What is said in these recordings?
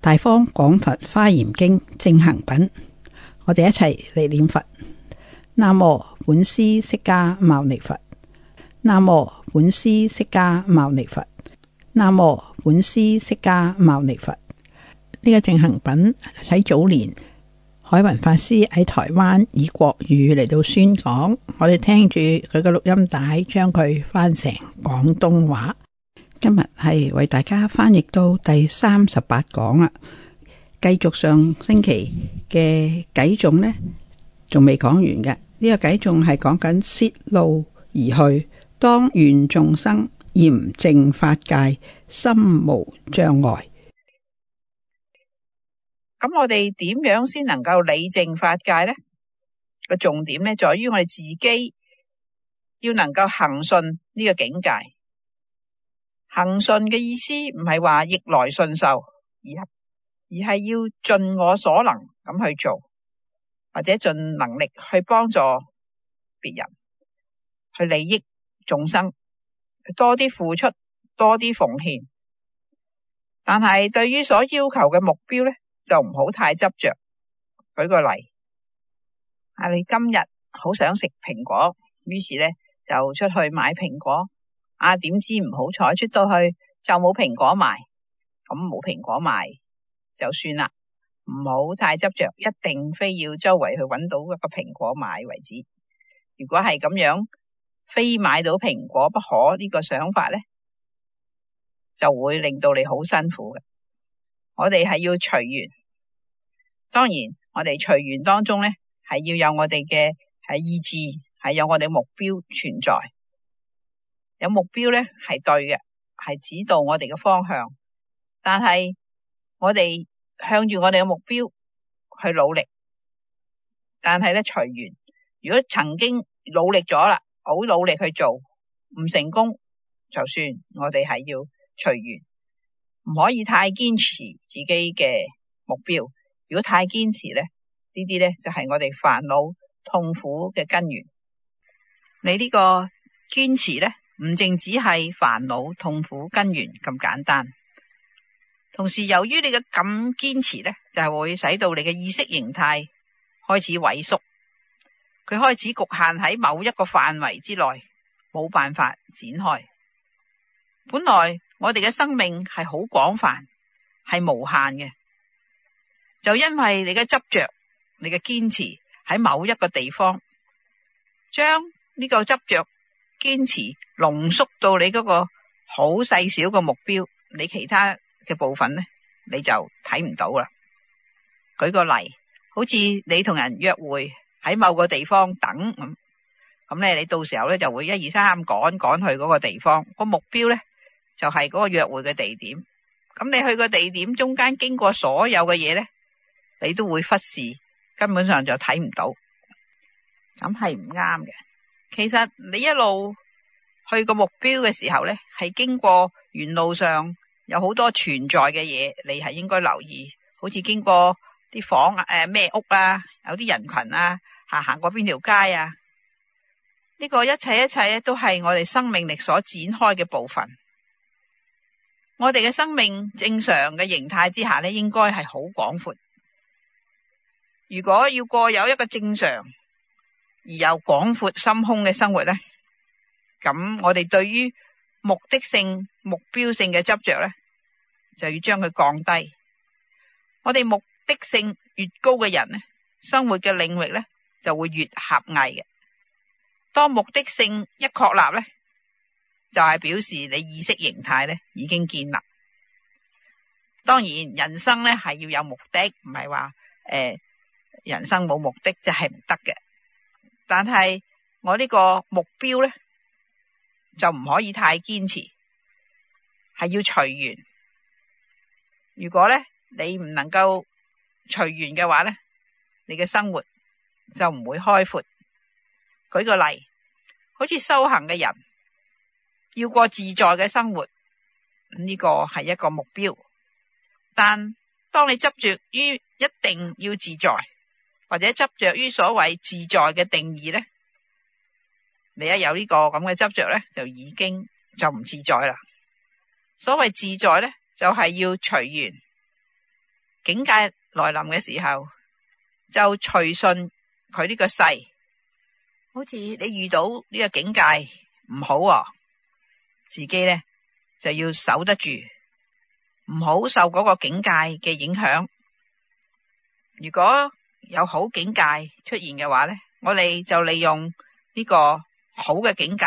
大方廣佛華嚴經正行品，我哋一齊嚟念佛。南無本師釋迦牟尼佛。南無本師釋迦牟尼佛。南無本師釋迦牟尼佛。呢、這個正行品喺早年海雲法師喺台灣以國語嚟到宣講，我哋聽住佢嘅錄音帶，將佢翻成廣東話。今日係為大家翻譯到第三十八講啦，繼續上星期嘅偈頌咧，仲未講完嘅呢個偈頌係講緊涉路而去，當願眾生履淨法界，心無障礙。咁我哋點樣先能夠履淨法界咧？個重點咧，在於我哋自己要能夠行順呢個境界。恒順嘅意思唔係話逆來順受，而而係要盡我所能咁去做，或者盡能力去幫助別人，去利益眾生，多啲付出，多啲奉獻。但係對於所要求嘅目標咧，就唔好太執着。舉個例，啊，你今日好想食蘋果，於是咧就出去買蘋果。啊！點知唔好彩，出到去就冇蘋果賣，咁冇蘋果賣就算啦，唔好太執着，一定非要周圍去揾到一個蘋果買為止。如果係咁樣，非買到蘋果不可呢個想法呢，就會令到你好辛苦嘅。我哋係要隨緣，當然我哋隨緣當中呢，係要有我哋嘅意志，係有我哋目標存在。有目標咧係對嘅，係指導我哋嘅方向。但係我哋向住我哋嘅目標去努力，但係咧隨緣。如果曾經努力咗啦，好努力去做，唔成功就算我們是。我哋係要隨緣，唔可以太堅持自己嘅目標。如果太堅持咧，呢啲咧就係我哋煩惱痛苦嘅根源。你這個堅呢個堅持咧？唔淨只係煩惱痛苦根源咁簡單，同時由於你嘅咁堅持呢，就係會使到你嘅意識形態開始萎縮，佢開始局限喺某一個範圍之內，冇辦法展開。本來我哋嘅生命係好廣泛，係無限嘅，就因為你嘅執着，你嘅堅持喺某一個地方，將呢個執着。堅持濃縮到你嗰個好細小個目標，你其他嘅部分呢，你就睇唔到啦。舉個例，好似你同人約會喺某個地方等咁，咁咧你到時候咧就會一二三趕趕去嗰個地方。個目標呢，就係、是、嗰個約會嘅地點。咁你去個地點中間經過所有嘅嘢呢，你都會忽視，根本上就睇唔到。咁係唔啱嘅。其實你一路去個目標嘅時候咧，係經過沿路上有好多存在嘅嘢，你係應該留意，好似經過啲房啊、誒、呃、咩屋啊，有啲人群啊，行行過邊條街啊、呢、這個一切一切咧，都係我哋生命力所展開嘅部分。我哋嘅生命正常嘅形態之下咧，應該係好廣闊。如果要過有一個正常。而又廣闊心胸嘅生活咧，咁我哋對於目的性、目標性嘅執着咧，就要將佢降低。我哋目的性越高嘅人咧，生活嘅領域咧就會越狹隘嘅。當目的性一確立咧，就係表示你意識形態咧已經建立。當然，人生咧係要有目的，唔係話誒人生冇目的就係唔得嘅。但係我呢個目標咧，就唔可以太堅持，係要隨緣。如果咧你唔能夠隨緣嘅話咧，你嘅生活就唔會開闊。舉個例，好似修行嘅人要過自在嘅生活，呢個係一個目標。但當你執著於一定要自在。或者執着於所謂自在嘅定義咧，你一有呢、這個咁嘅執着咧，就已經就唔自在啦。所謂自在咧，就係、是、要隨緣境界來臨嘅時候，就隨順佢呢個勢。好似你遇到呢個境界唔好、喎，自己咧就要守得住，唔好受嗰個境界嘅影響。如果有好境界出現嘅話咧，我哋就利用呢個好嘅境界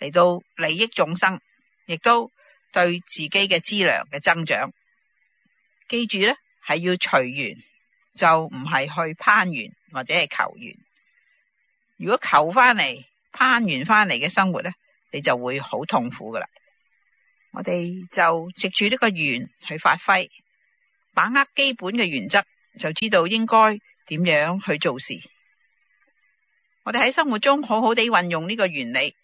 嚟到利益眾生，亦都對自己嘅資糧嘅增長。記住咧，係要隨緣，就唔係去攀緣或者係求緣。如果求翻嚟，攀緣翻嚟嘅生活咧，你就會好痛苦㗎喇。我哋就藉住呢個緣去發揮，把握基本嘅原則。就知道應該點樣去做事。我哋喺生活中好好地運用呢個原理，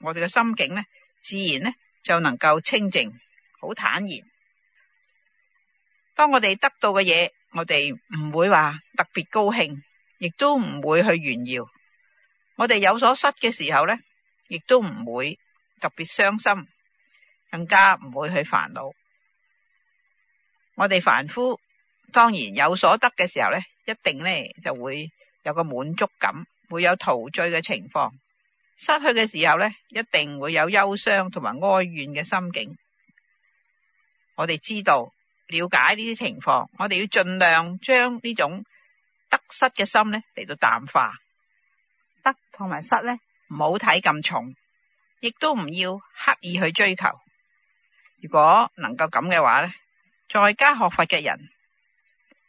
我哋嘅心境呢，自然呢，就能夠清靜，好坦然。當我哋得到嘅嘢，我哋唔會話特別高興，亦都唔會去炫耀。我哋有所失嘅時候呢，亦都唔會特別傷心，更加唔會去煩惱。我哋凡夫。當然有所得嘅時候咧，一定咧就會有個滿足感，會有陶醉嘅情況；失去嘅時候咧，一定會有憂傷同埋哀怨嘅心境。我哋知道了解呢啲情況，我哋要盡量將呢種得失嘅心咧嚟,到淡化，得同埋失咧唔好睇咁重，亦都唔要刻意去追求。如果能夠咁嘅話咧，在家學佛嘅人。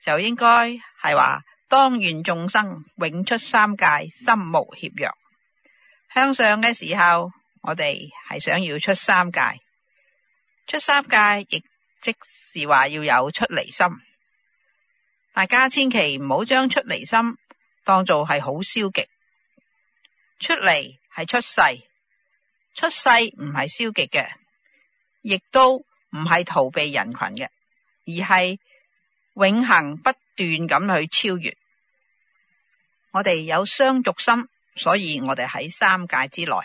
就應該係話當願眾生永出三界，心無怯弱。向上嘅時候，我哋係想要出三界，出三界亦即是話要有出離心。大家千祈唔好將出離心當做係好消極。出離係出世，出世唔係消極嘅，亦都唔係逃避人群嘅，而係，永恆不斷咁去超越，我哋有相續心，所以我哋喺三界之內。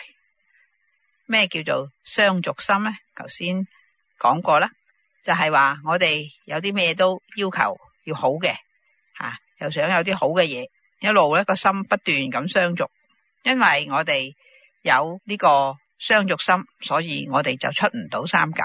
咩叫做相續心呢？頭先講過啦，就係話我哋有啲咩都要求要好嘅，吓又想有啲好嘅嘢，一路呢個心不斷咁相續，因為我哋有呢個相續心，所以我哋就出唔到三界。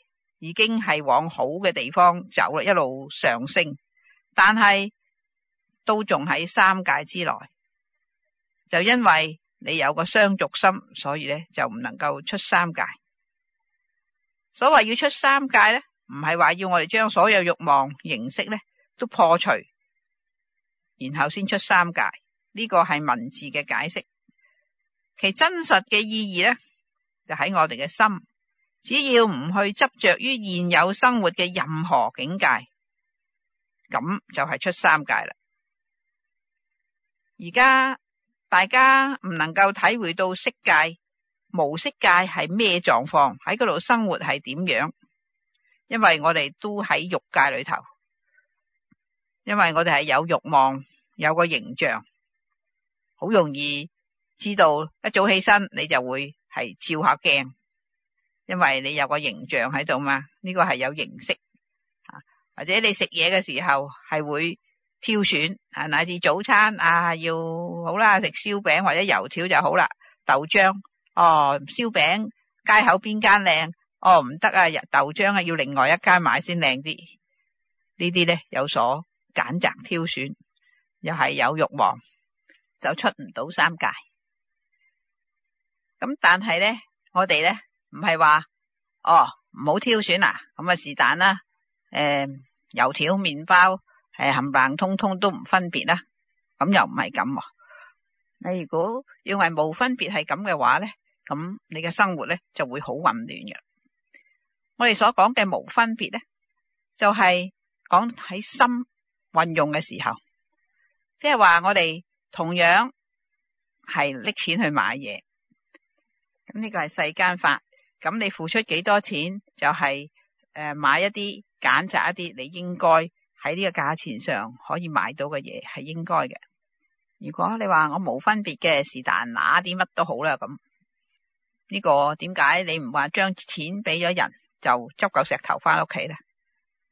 已經係往好嘅地方走啦，一路上升。但係都仲喺三界之內，就因為你有個相續心，所以咧，就唔能夠出三界。所謂要出三界咧，唔係話要我哋將所有慾望形式咧，都破除，然後先出三界。呢個係文字嘅解釋，其真實嘅意義咧就喺我哋嘅心。只要唔去執着於現有生活嘅任何境界，咁就係出三界啦。而家大家唔能夠體會到色界、無色界係咩狀況，喺嗰度生活係點樣，因為我哋都喺欲界裏頭，因為我哋係有欲望，有個形象，好容易知道一早起身你就會係照下鏡。因為你有個形象喺度嘛，呢個係有形式吓，或者你食嘢嘅時候係會挑選啊，乃至早餐啊要好啦，食燒餅或者油條就好啦，豆漿哦，燒餅街口邊間靚哦，唔得啊，豆漿啊要另外一間買先靚啲，呢啲咧有所揀擇挑選，又係有欲望就出唔到三界。咁但係咧，我哋咧。唔係話哦，唔好挑選啦咁，啊是但啦。誒、呃，油條、麵包係冚唪唥通通都唔分別啦、啊。咁又唔係咁。你如果認為冇分別係咁嘅話咧，咁你嘅生活咧就會好混亂嘅、啊。我哋所講嘅冇分別咧，就係講喺心運用嘅時候，即係話我哋同樣係搦錢去買嘢，咁呢個係世間法。咁你付出幾多錢就係、是、誒，買一啲揀擇一啲，你應該喺呢個價錢上可以買到嘅嘢係應該嘅。如果你話我冇分別嘅，是但拿啲乜都好啦，咁，呢、呢個點解你唔話將錢俾咗人就執夠石頭返屋企咧？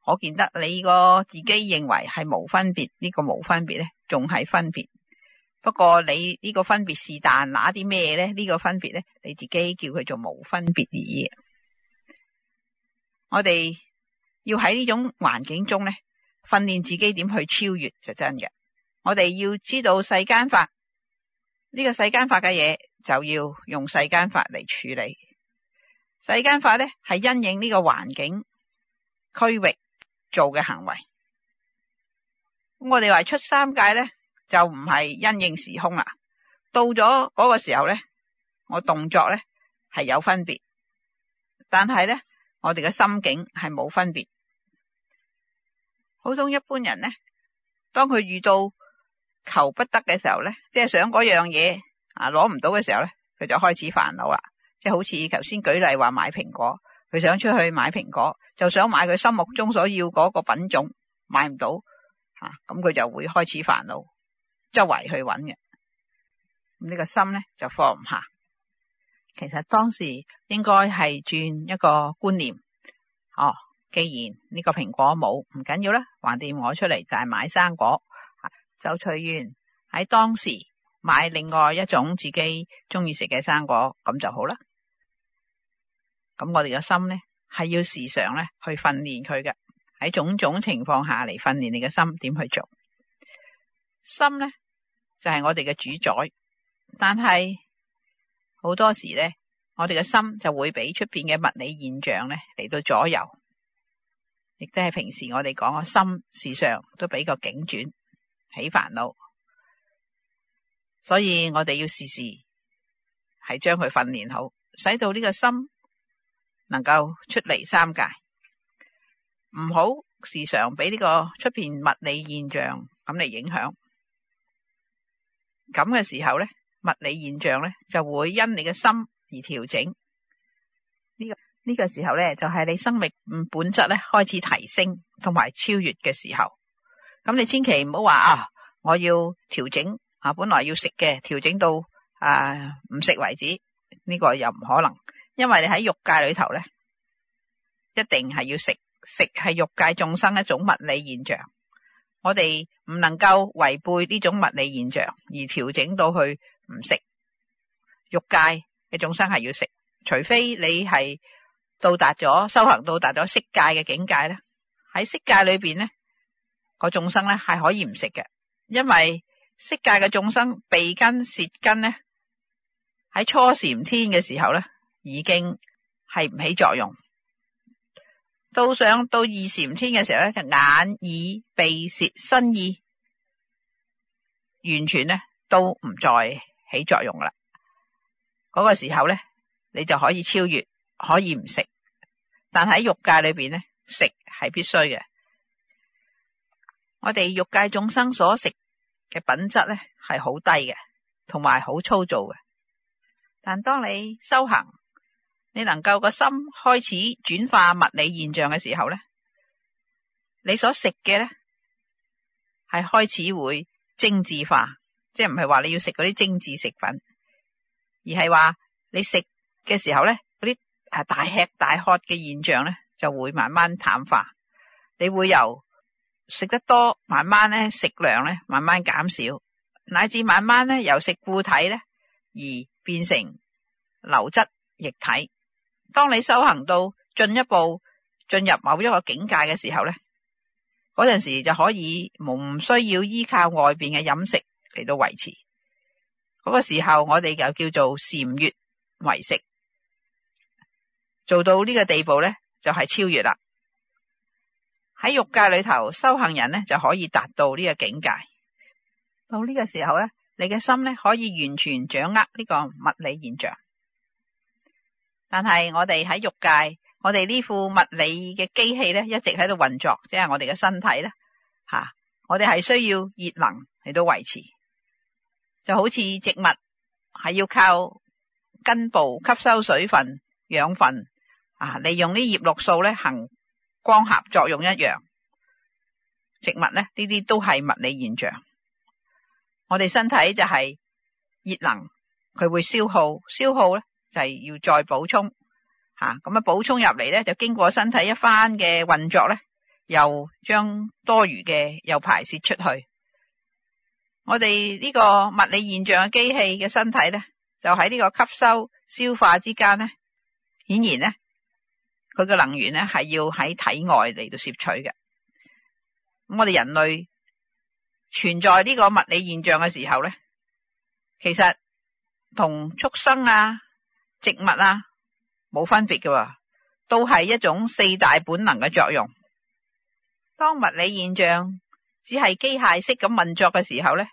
我見得你個自己認為係冇分、這個、分別呢個冇分別咧，仲係分別。不過你呢個分別是但拿啲咩咧？呢個分別咧，你自己叫佢做無分別而已。我哋要喺呢種環境中咧，訓練自己點去超越就真嘅。我哋要知道世間法，呢個世間法嘅嘢，就要用世間法嚟處理。世間法咧係因應呢個環境區域做嘅行為。咁我哋話出三界咧。就唔係因應時空啦。到咗嗰個時候咧，我動作咧係有分別，但係咧我哋嘅心境係冇分別。普通一般人咧，當佢遇到求不得嘅時候咧，即係想嗰樣嘢啊，攞唔到嘅時候咧，佢就開始煩惱啦。即係好似頭先舉例話買蘋果，佢想出去買蘋果，就想買佢心目中所要嗰個品種，買唔到啊，咁佢就會開始煩惱。周圍去揾嘅，咁呢個心咧就放唔下。其實當時應該係轉一個觀念，哦，既然呢個蘋果冇唔緊要啦，橫掂我出嚟就係買生果。就隨緣喺當時買另外一種自己中意食嘅生果，咁就好啦。咁我哋嘅心咧係要時常咧去訓練佢嘅，喺種種情況下嚟訓練你嘅心點去做心咧。就係、是、我哋嘅主宰，但係好多時咧，我哋嘅心就會俾出邊嘅物理現象咧嚟到左右，亦都係平時我哋講個心時常都俾個境轉起煩惱，所以我哋要時時係將佢訓練好，使到呢個心能夠出離三界，唔好時常俾呢個出邊物理現象咁嚟影響。咁嘅時候咧，物理現象咧就會因你嘅心而調整。呢個呢個時候咧，就係你生命嗯本質咧開始提升同埋超越嘅時候。咁你千祈唔好話啊，我要調整啊，本來要食嘅調整到啊唔食為止，呢個又唔可能，因為你喺欲界裏頭咧，一定係要食，食係欲界眾生一種物理現象。我哋唔能夠違背呢種物理現象而調整到去唔食。欲界嘅眾生係要食，除非你係到達咗修行到達咗色界嘅境界咧。喺色界裏邊咧，個眾生咧係可以唔食嘅，因為色界嘅眾生鼻根、舌根咧喺初禪天嘅時候咧已經係唔起作用。到上到二禪天嘅時候咧，就眼耳鼻舌身意完全咧都唔再起作用啦。嗰、那個時候咧，你就可以超越，可以唔食。但喺欲界裏邊咧，食係必須嘅。我哋欲界眾生所食嘅品質咧係好低嘅，同埋好粗糙嘅。但當你修行，你能夠個心開始轉化物理現象嘅時候咧，你所食嘅咧係開始會精緻化，即係唔係話你要食嗰啲精緻食品，而係話你食嘅時候咧，嗰啲大吃大喝嘅現象咧就會慢慢淡化，你會由食得多慢慢咧食量咧慢慢減少，乃至慢慢咧由食固體咧而變成流質液體。當你修行到進一步進入某一個境界嘅時候咧，嗰陣時候就可以唔需要依靠外邊嘅飲食嚟到維持嗰、那個時候我哋就叫做禪悦為食，做到呢個地步咧就係超越啦。喺欲界裏頭修行人咧就可以達到呢個境界。到呢個時候咧，你嘅心咧可以完全掌握呢個物理現象。但係我哋喺肉界，我哋呢副物理嘅機器咧，一直喺度運作，即係我哋嘅身體咧，吓、啊，我哋係需要熱能嚟到維持，就好似植物係要靠根部吸收水分、養分啊，利用啲葉綠素咧行光合作用一樣，植物咧呢啲都係物理現象，我哋身體就係熱能，佢會消耗，消耗咧。就係要再補充吓，咁啊補充入嚟咧，就經過身體一番嘅運作咧，又將多餘嘅又排泄出去。我哋呢個物理現象嘅機器嘅身體咧，就喺呢個吸收消化之間咧，顯然咧佢嘅能源咧係要喺體外嚟到攝取嘅。咁我哋人類存在呢個物理現象嘅時候咧，其實同畜生啊。植物啊，冇分別嘅、啊，都係一種四大本能嘅作用。當物理現象只係機械式咁運作嘅時候咧，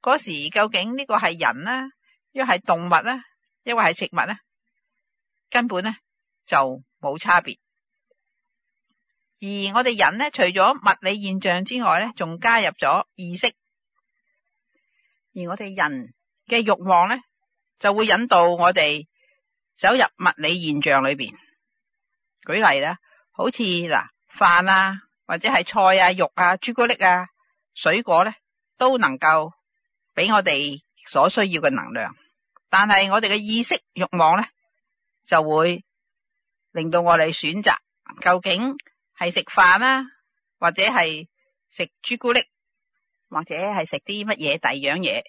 嗰時究竟呢個係人啦、啊，一係動物啦、啊，一係植物啦、啊，根本咧就冇差別。而我哋人咧，除咗物理現象之外咧，仲加入咗意識。而我哋人嘅欲望咧，就會引導我哋。走入物理現象裏邊，舉例像啦，好似嗱飯啊，或者係菜啊、肉啊、朱古力啊、水果咧，都能夠俾我哋所需要嘅能量。但係我哋嘅意識欲望咧，就會令到我哋選擇究竟係食飯啊，或者係食朱古力，或者係食啲乜嘢第二樣嘢。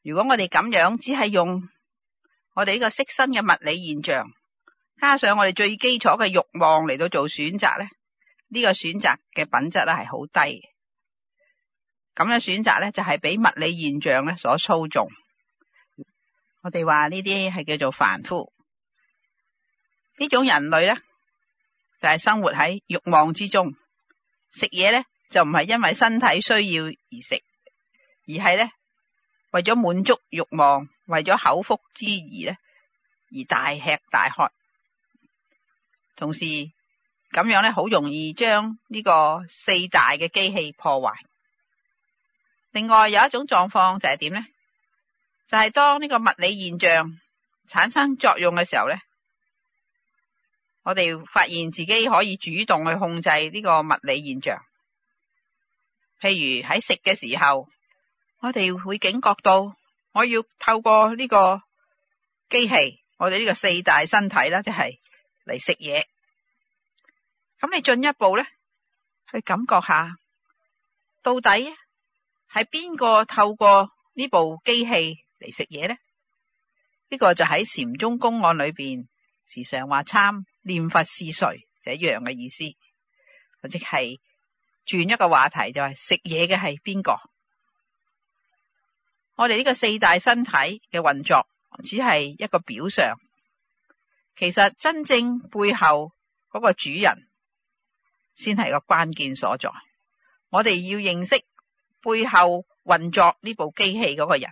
如果我哋咁樣只係用。我哋呢個色身嘅物理現象，加上我哋最基礎嘅欲望嚟到做選擇咧，呢、這個選擇嘅品質咧係好低。咁樣選擇咧就係俾物理現象咧所操縱。我哋話呢啲係叫做凡夫，呢種人類咧就係生活喺欲望之中，食嘢咧就唔係因為身體需要而食，而係咧。為咗滿足欲望，為咗口腹之欲，咧，而大吃大喝，同時咁樣咧，好容易將呢個四大嘅機器破壞。另外有一種狀況就係點咧，就係當呢個物理現象產生作用嘅時候咧，我哋發現自己可以主動去控制呢個物理現象，譬如喺食嘅時候。我哋會警覺到，我要透過呢個機器，我哋呢個四大身體啦，即係嚟食嘢。咁你進一步咧，去感覺一下，到底係邊個透過呢部機器嚟食嘢咧？呢、這個就喺禪宗公案裏邊，時常話參念佛是誰，就一樣嘅意思，或者係轉一個話題，就係、是、食嘢嘅係邊個？我哋呢個四大身體嘅運作，只係一個表象。其實真正背後嗰個主人，先係個關鍵所在。我哋要認識背後運作呢部機器嗰個人，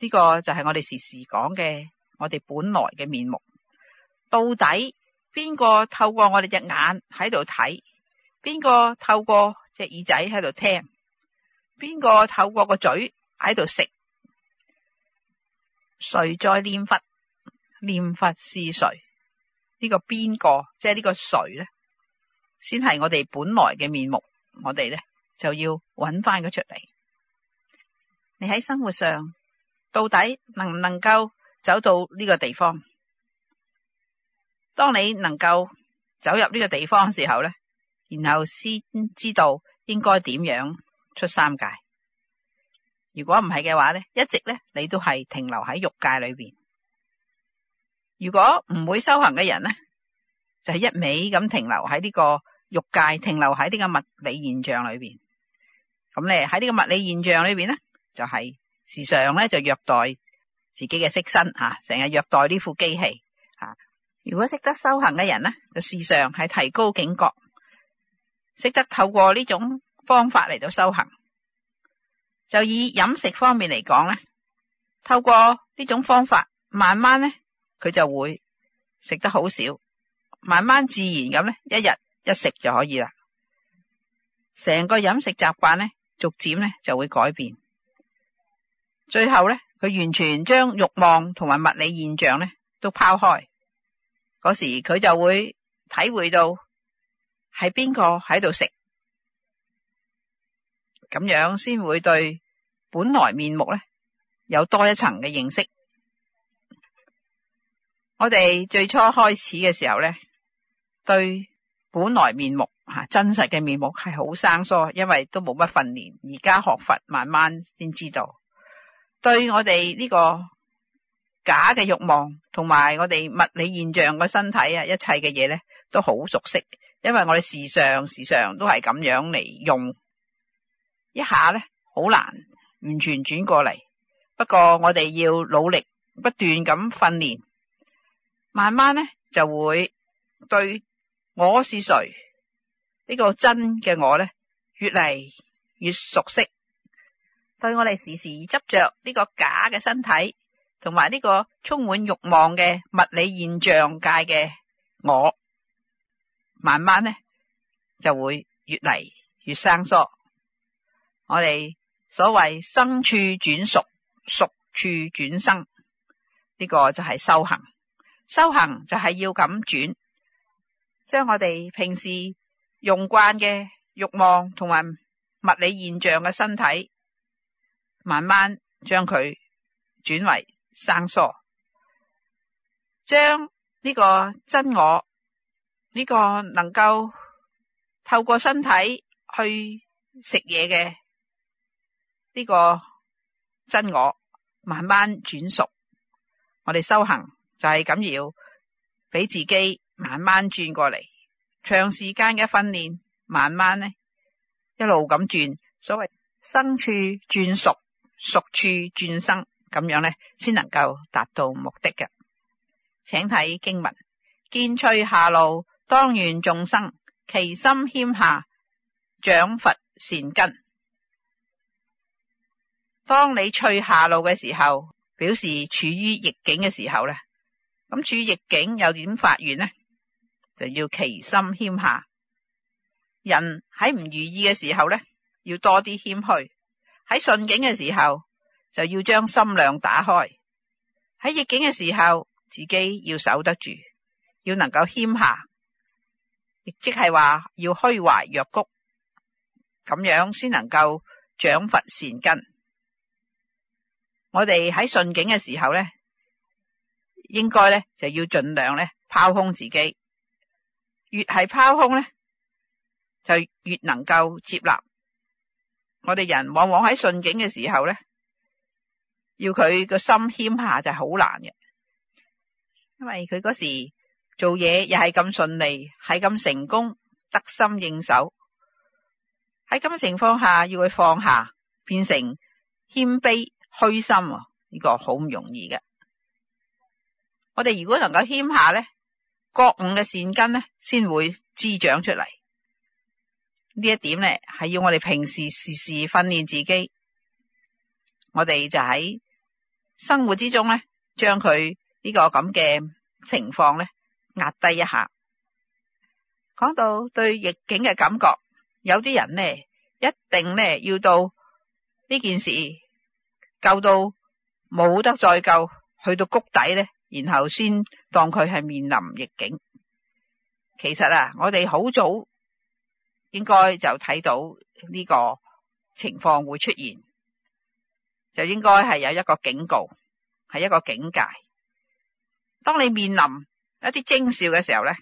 呢個就係我哋時時講嘅我哋本來嘅面目。到底邊個透過我哋隻眼喺度睇，邊個透過隻耳仔喺度聽，邊個透過個嘴？喺度食，誰在念佛？念佛是誰？呢個邊個？即係呢個誰咧？先係我哋本來嘅面目。我哋咧就要揾翻佢出嚟。你喺生活上到底能唔能夠走到呢個地方？當你能夠走入呢個地方嘅時候咧，然後先知道應該點樣出三界。如果唔係嘅話咧，一直咧你都係停留喺欲界裏邊。如果唔會修行嘅人咧，就係一味咁停留喺呢個欲界，停留喺呢個物理現象裏邊。咁咧喺呢個物理現象裏邊咧，就係時常咧就虐待自己嘅色身吓，成日虐待呢副機器吓。如果識得修行嘅人咧，就時常係提高警覺，識得透過呢種方法嚟到修行。就以飲食方面嚟講咧，透過呢種方法，慢慢咧佢就會食得好少，慢慢自然咁咧，一日一食就可以啦。成個飲食習慣咧，逐漸咧就會改變。最後咧，佢完全將欲望同埋物理現象咧都拋開，嗰時佢就會體會到係邊個喺度食。咁樣先會對本來面目咧有多一層嘅認識。我哋最初開始嘅時候咧，對本來面目吓，真實嘅面目係好生疏，因為都冇乜訓練。而家學佛慢慢先知道，對我哋呢個假嘅欲望同埋我哋物理現象個身體啊，一切嘅嘢，咧都好熟悉，因為我哋時常時常都係咁樣嚟用。一下咧，好難完全轉過嚟。不過我哋要努力，不斷咁訓練，慢慢咧就會對我是誰呢個真嘅我咧，越嚟越熟悉。對我哋時時執着呢個假嘅身體，同埋呢個充滿慾望嘅物理現象界嘅我，慢慢咧就會越嚟越生疏。我哋所謂生處轉熟，熟處轉生，呢個就係修行。修行就係要咁轉，將我哋平時用慣嘅欲望同埋物理現象嘅身體，慢慢將佢轉為生疏，將呢個真我呢個能夠透過身體去食嘢嘅。呢、這個真我慢慢轉熟，我哋修行就係咁要俾自己慢慢轉過嚟，長時間嘅訓練，慢慢呢一路咁轉，所謂生處轉熟，熟處轉生，咁樣呢，先能夠達到目的嘅。請睇經文，見趣下路，當願眾生，其心謙下，長佛善根。當你翠下路嘅時候，表示處於逆境嘅時候咧。咁處於逆境又點發願呢？就要其心謙下。人喺唔如意嘅時候咧，要多啲謙虛；喺順境嘅時候就要將心量打開；喺逆境嘅時候，自己要守得住，要能夠謙下，亦即係話要虛懷若谷，咁樣先能夠長佛善根。我哋喺順境嘅時候咧，應該咧就要盡量咧拋空自己，越係拋空咧，就越能夠接納。我哋人往往喺順境嘅時候咧，要佢個心謙下就好難嘅，因為佢嗰時做嘢又係咁順利，係咁成功，得心應手。喺咁嘅情況下，要佢放下，變成謙卑。虛心啊，呢個好唔容易嘅。我哋如果能夠謙下咧，覺悟嘅善根咧，先會滋長出嚟。呢一點咧，係要我哋平時時時訓練自己。我哋就喺生活之中咧，將佢呢個咁嘅情況咧壓低一下。講到對逆境嘅感覺，有啲人咧一定咧要到呢件事。救到冇得再救，去到谷底咧，然後先當佢係面臨逆境。其實啊，我哋好早應該就睇到呢個情況會出現，就應該係有一個警告，係一個警戒。當你面臨一啲徵兆嘅時候咧，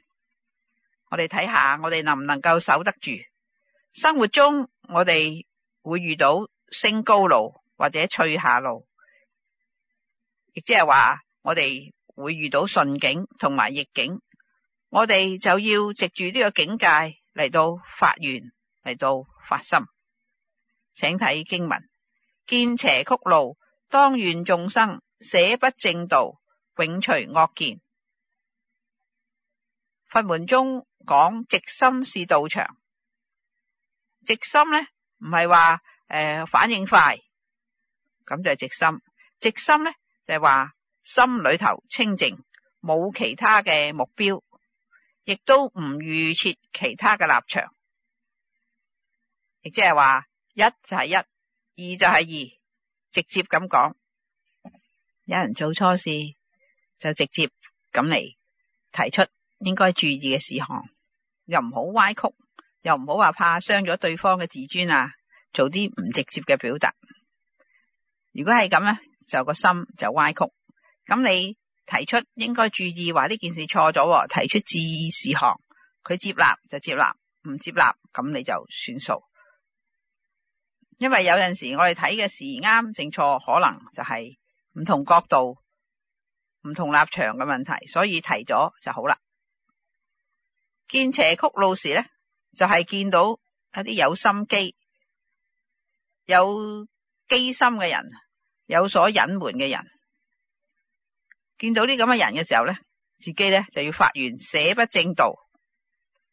我哋睇下我哋能唔能夠守得住。生活中我哋會遇到升高路。或者退下路，亦即係話我哋會遇到順境同埋逆境，我哋就要藉住呢個境界嚟到發願嚟到發心。請睇經文，見邪曲路，當願眾生捨不正道，永除惡見。佛門中講直心是道場，直心呢唔係話誒反應快。咁就係直心，直心咧就係話心裏頭清靜，冇其他嘅目標，亦都唔預設其他嘅立場，亦即係話一就係一，二就係二，直接咁講。有人做錯事，就直接咁嚟提出應該注意嘅事項，又唔好歪曲，又唔好話怕傷咗對方嘅自尊啊，做啲唔直接嘅表達。如果係咁咧，就個心就歪曲。咁你提出應該注意，話呢件事錯咗，提出注意事項，佢接納就接納，唔接納咁你就算數。因為有陣時我哋睇嘅時啱正、正錯，可能就係唔同角度、唔同立場嘅問題，所以提咗就好啦。見斜曲路時咧，就係、是、見到一啲有心機、有機心嘅人。有所隱瞞嘅人，見到啲咁嘅人嘅時候呢，自己呢，就要發願，捨不正道。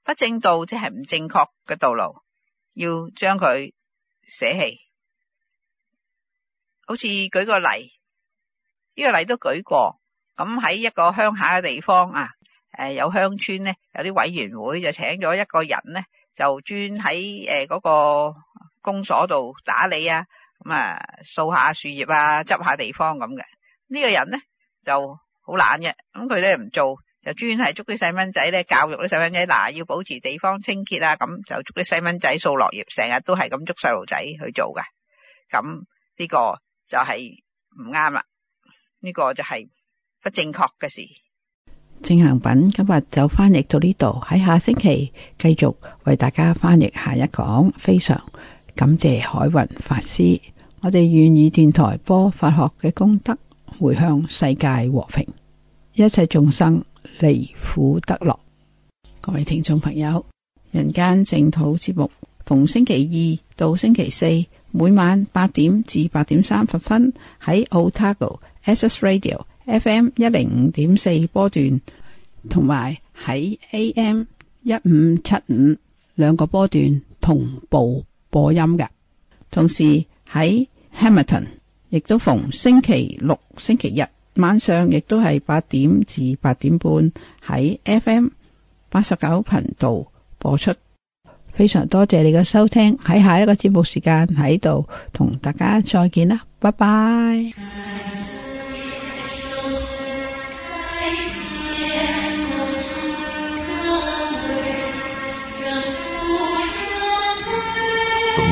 不正道即係唔正確嘅道路，要將佢捨棄。好似舉個例，呢個例都舉過，咁喺一個鄉下嘅地方，有鄉村呢，有啲委員會就請咗一個人呢，就專喺嗰個公所度打理呀，咁啊，掃下樹葉啊，執下地方咁嘅。呢個人呢就好懶嘅。咁佢咧唔做，就專係捉啲細蚊仔咧，教育啲細蚊仔嗱，要保持地方清潔啊。咁就捉啲細蚊仔掃落葉，成日都係咁捉細路仔去做嘅。咁、這、呢個就係唔啱啦，呢、這個就係不正確嘅事。正行品今日就翻譯到呢度，喺下星期繼續為大家翻譯下一講。非常感謝海雲法師。我哋願以電台播法學嘅功德，回向世界和平，一切眾生離苦得樂。各位聽眾朋友，人間淨土節目逢星期二到星期四每晚八點至八點三十分喺 Otago SS Radio FM 一零五點四波段，同埋喺 AM 一五七五兩個波段同步播音嘅，同時喺，Hamilton 亦都逢星期六、星期日晚上，上，亦都係八點至八點半喺 FM 八十九頻道播出。非常多謝你嘅收聽，喺下一個節目時間喺度同大家再見啦，拜拜。Bye.